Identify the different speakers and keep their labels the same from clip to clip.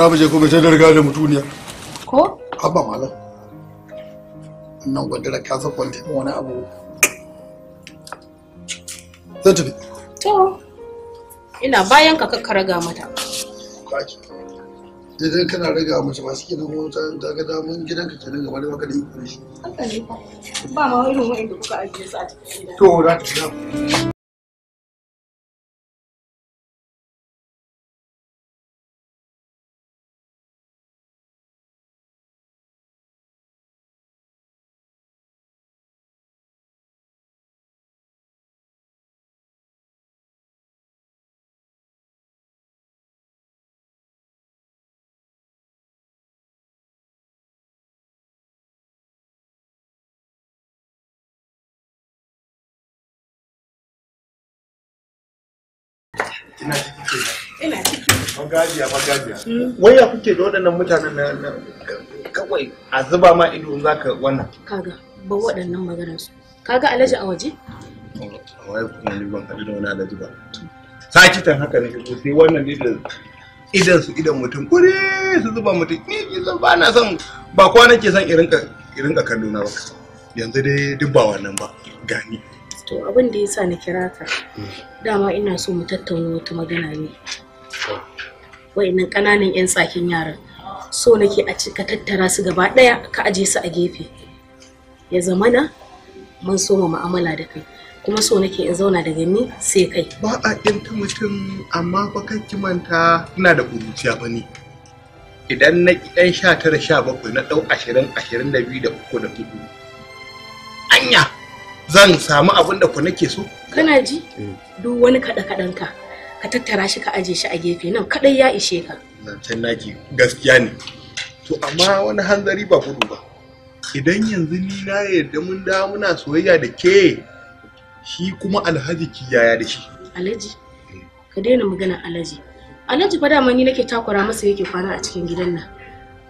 Speaker 1: za mu je kuma ta darga da mutuniya. ko abba malam nan gwandira ka san kwantin wani abu zan tafi to ina bayan ka kakkaraga mata idan kana raga mace masu gidan mota ta ga damun gidan ka kenan gaba da baka da iko shi ba ma wani irin wa'anda kuka ajiye sa. a cikin gida to da Hmm. wai ya kuke da waɗannan mutanen na kawai a zuba ma ido za ka wannan kaga ba waɗannan maganar su kaga alaji a waje wai kuma ni ban kaɗi da wani ba tan haka ne ko sai wannan ne da idan su idan mutum kure su zuba mutum ni ba na son ba kwana ke son irin irinka kallo na ba yanzu dai duk ba wannan ba gani to abin da yasa na kira ka mm. dama ina so mu tattauna wata magana ne wa'annan ƙananan 'yan tsakin yaran so nake a cika tattara su gaba ɗaya ka aje su a gefe ya zamana mun so mu mu'amala da kai kuma so nake in zauna daga ni sai kai ba a ta mutum amma fa kan manta. ina da kuruciya ba ne idan na ki sha 19 sha bakwai na ɗau ashirin ashirin da biyu da uku da hudu anya zan samu abin da ku nake so kana ji eh. duk wani kaɗe kaɗan ka ka tattara shi ka aje shi a gefe nan kaɗai ya ishe ka can naki gaskiya ne to amma wani hanzari ba gudu ba idan yanzu ni na yarda mun da muna soyayya da ke shi kuma alhaji kiyaya da shi alhaji ka daina magana alhaji alhaji fa dama ni nake takura masa yake kwana a cikin gidan nan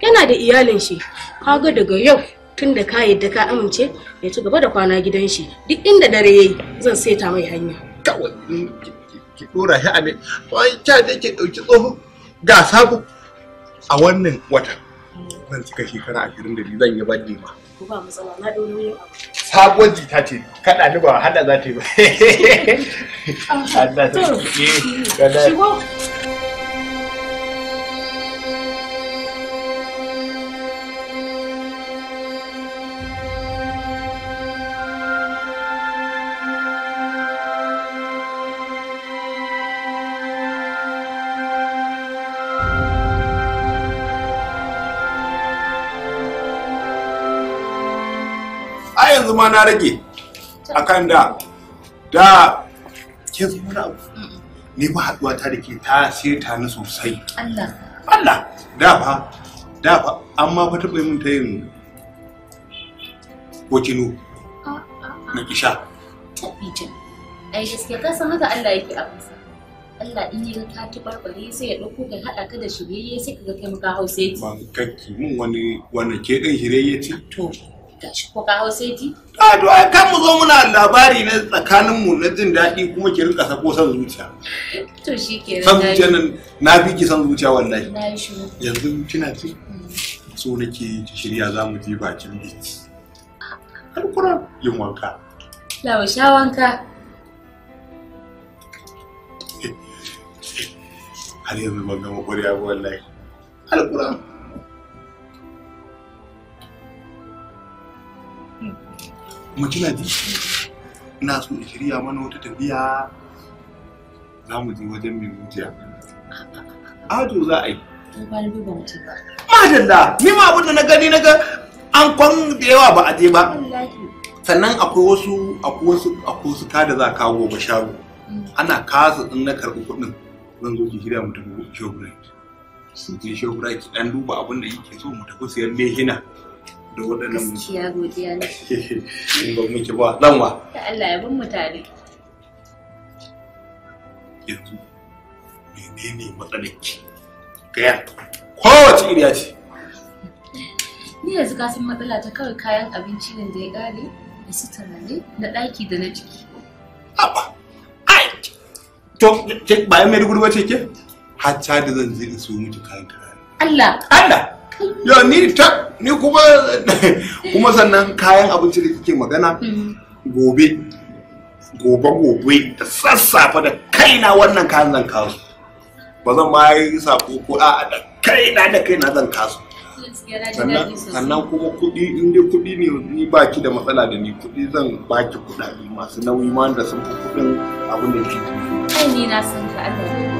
Speaker 1: yana da iyalin shi ga daga yau tun da ka yadda ka amince ya ci gaba da kwana gidan shi duk inda dare yayi zan saita mai hanya kawai ki dora shi a ne wai ta da ke dauki tsoho ga sabu a wannan watan zan cika shekara ashirin da biyu zan yi badde ma ba matsala na dole ne sabuwar jita ce kada ni ba hada za ta yi ba ah, Allah ta shigo yanzu ma na rage akan da da ke zama na abu ne ba haduwa ta da ke ta ta ni sosai Allah Allah da fa da fa amma fa taɓa yi mun ta yin kokinu na kisha ai gaskiya ka san haka Allah yake abinsa Allah in yi ka barbare sai ya dauko kai hada ka da shirye sai ka ga kai maka hausa yake ba kakki mun wani wannan ke dan shirye ce to gashi ko ka hau saiti? A to ai kan mu zo muna labari na tsakanin mu na jin daɗi kuma ki rinka sako san zuciya. To shi ke San zuciya nan na fi ki san zuciya wallahi. Na yi shiru. Yanzu kina ci? So nake shirya za mu je bakin beach. Har kuna yin wanka. Lawa sha wanka. Har yanzu ban gama ƙwarya ba wallahi. Alƙur'an. kuma kina ji ina so in shirya mana wata tafiya za mu je wajen mai mutiya ado za a yi madalla ni ma abin da na gani na ga an kwan da yawa ba a je ba sannan akwai wasu akwai wasu akwai wasu kada za kawo gobe shago mm. ana kasa in na karɓi kuɗin zan zo ki shirya mu tafi shogun ki je shogun ki dan duba abin da yake so mu tafi siyan lehina da waɗannan gaskiya godiya ne in ba muke ba dan wa ta Allah ya bin mutane yanzu menene matsalarki gaya kowace iriya ce ni yanzu ka san matsala ta kawai kayan abinci ne da ya gane da sutura ne da ɗaki da na ciki. Aba, ai, to, bayan mai rubutu ce ke? Hatta da zan je da su miki kayan kayan. Allah! Allah! ya ni ta ni kuma kuma sannan kayan abinci da kike magana gobe gobe gobe da sassafe da kaina wannan kayan zan kasu ba zan ma yi sako ko a da kaina da kaina zan kasu sannan kuma kuɗi in dai kuɗi ne ni ki da matsala da ni kuɗi zan ba baki kuɗaɗe masu nauyi ma da sun fi kuɗin abin da ke kai ni na san ka Allah